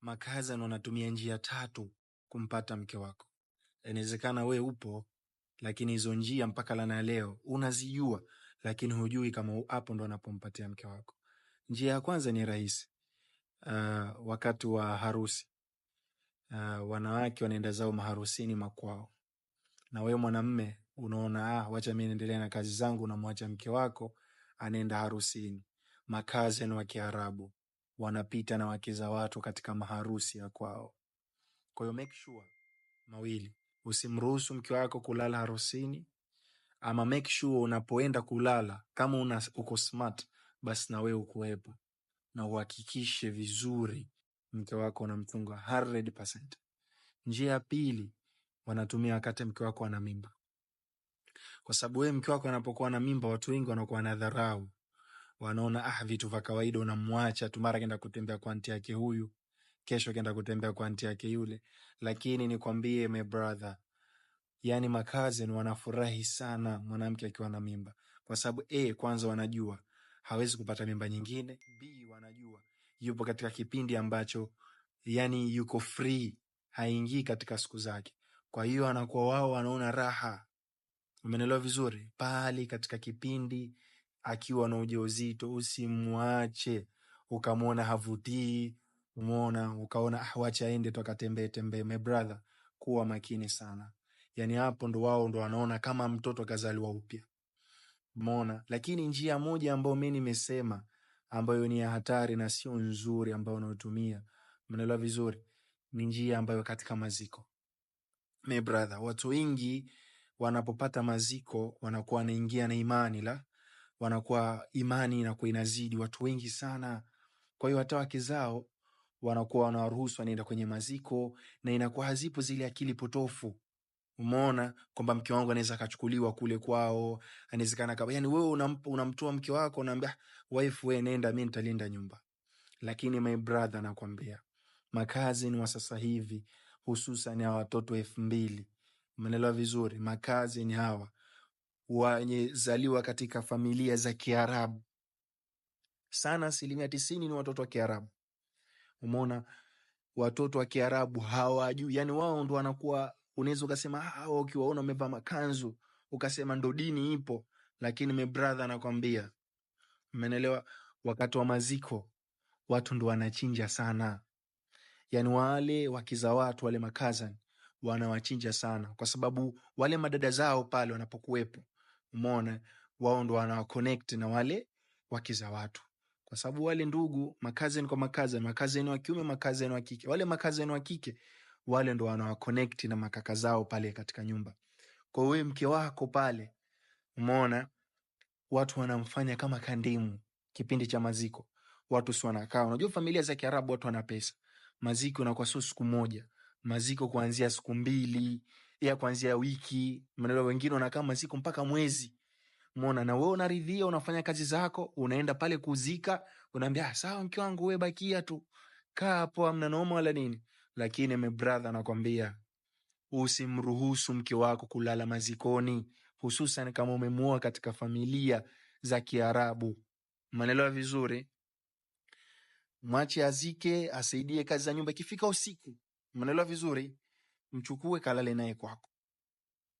makazi wanatumia njia tatu kumpata mke wako. Inawezekana we upo, lakini hizo njia mpaka lana leo unazijua, lakini hujui kama hapo ndo anapompatia mke wako. Njia ya kwanza ni rahisi. Uh, wakati wa harusi uh, wanawake wanaenda zao maharusini makwao, na wewe mwanamme unaona ah, wacha mi naendelea na kazi zangu, namwacha mke wako anaenda harusini. makazen wa Kiarabu, wanapita na wake za watu katika maharusi ya kwao. Kwa hiyo make sure mawili, usimruhusu mke wako kulala harusini, ama make sure unapoenda kulala, kama una, uko smart basi na wewe ukuwepo na uhakikishe vizuri mke wako unamchunga 100%. Njia ya pili wanatumia wakati mke wako ana mimba, kwa sababu wewe mke wako anapokuwa na mimba, watu wengi wanakuwa na dharau wanaona ah, vitu vya kawaida, unamwacha tu, mara kenda kutembea kwa anti yake huyu, kesho kenda kutembea kwa anti yake yule. Lakini nikwambie my brother, yani makazini wanafurahi sana mwanamke akiwa na mimba, kwa sababu a, kwanza wanajua hawezi kupata mimba nyingine, b, wanajua yupo katika kipindi ambacho yani yuko free, haingii katika siku zake. Kwa hiyo anakuwa wao wanaona raha, umenelewa vizuri, pale katika kipindi akiwa na ujauzito usimwache, ukamwona havutii, umona ukaona ah, wacha aende tu akatembee tembee. My brother, kuwa makini sana. Yani hapo ndo wao ndo wanaona kama mtoto kazaliwa upya, mona Lakini njia moja ambayo mi nimesema ambayo ni ya hatari na sio nzuri, ambayo unaotumia, mnaelewa vizuri, ni njia ambayo katika maziko. My brother, watu wengi wanapopata maziko wanakuwa wanaingia na imani la wanakuwa imani inakuwa inazidi watu wengi sana. Kwa hiyo hata wake zao wanakuwa wanawaruhusu wanaenda kwenye maziko, na inakuwa hazipo zile akili potofu. Umeona kwamba mke wangu anaweza akachukuliwa kule kwao, anawezekana kama yani wewe unamtoa mke wako, unaambia wife, we nenda, mi nitalinda nyumba. Lakini my brother, nakwambia makazi ni wa sasa hivi, hususan hawa watoto elfu mbili, umeelewa vizuri? Makazi ni hawa wanyezaliwa katika familia za Kiarabu sana, asilimia tisini ni watoto wa Kiarabu. umona watoto wa Kiarabu hawajui, yani wao ndo wanakuwa, unaweza ukasema ah, hawa, ukiwaona wamevaa makanzu ukasema ndo dini ipo, lakini mebradha anakwambia menelewa wakati wa maziko watu ndo wanachinja sana, yani wale wakiza watu wale makazan wanawachinja sana, kwa sababu wale madada zao pale wanapokuwepo Umeona, wao ndo wana connect na wale wake za watu, kwa sababu wale ndugu makazeni kwa makazeni, makazeni wa kiume, makazeni wa kike, wale makazeni wa kike wale ndo wana connect na makaka zao pale katika nyumba. Kwa hiyo mke wako pale, umeona, watu wanamfanya kama kandimu kipindi cha maziko. Watu si wanakaa, unajua familia za Kiarabu watu wana pesa. Maziko inakuwa sio siku moja, maziko kuanzia siku mbili ya kuanzia wiki, mnaelewa. Wengine wanakaa masiku mpaka mwezi, mona, Na wewe unaridhia, unafanya kazi zako, unaenda pale kuzika, unaambia ah, sawa, mke wangu, wewe bakia tu, kaa hapo, amna noma wala nini. Lakini my brother, anakwambia usimruhusu mke wako kulala mazikoni, hususan kama umemuoa katika familia za Kiarabu. Mnaelewa vizuri. Mwache azike, asaidie kazi za nyumba, ikifika usiku, mnaelewa vizuri mchukue kalale naye kwako,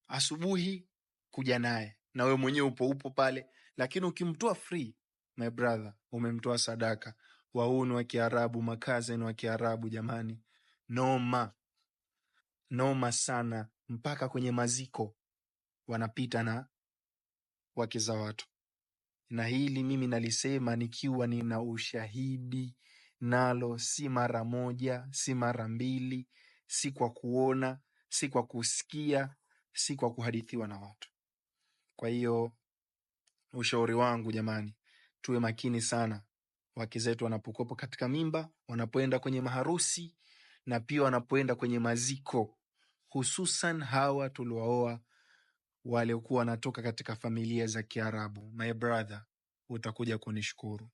asubuhi kuja naye, na wewe mwenyewe upo upo pale. Lakini ukimtoa free, my brother, umemtoa sadaka. Wauni wa Kiarabu, makazeni wa Kiarabu, jamani, noma noma sana. Mpaka kwenye maziko wanapita na wake za watu, na hili mimi nalisema nikiwa nina ushahidi nalo, si mara moja, si mara mbili si kwa kuona, si kwa kusikia, si kwa kuhadithiwa na watu. Kwa hiyo ushauri wangu jamani, tuwe makini sana wake zetu wanapokopa katika mimba, wanapoenda kwenye maharusi na pia wanapoenda kwenye maziko, hususan hawa tuliwaoa waliokuwa wanatoka katika familia za Kiarabu. My brother, utakuja kunishukuru.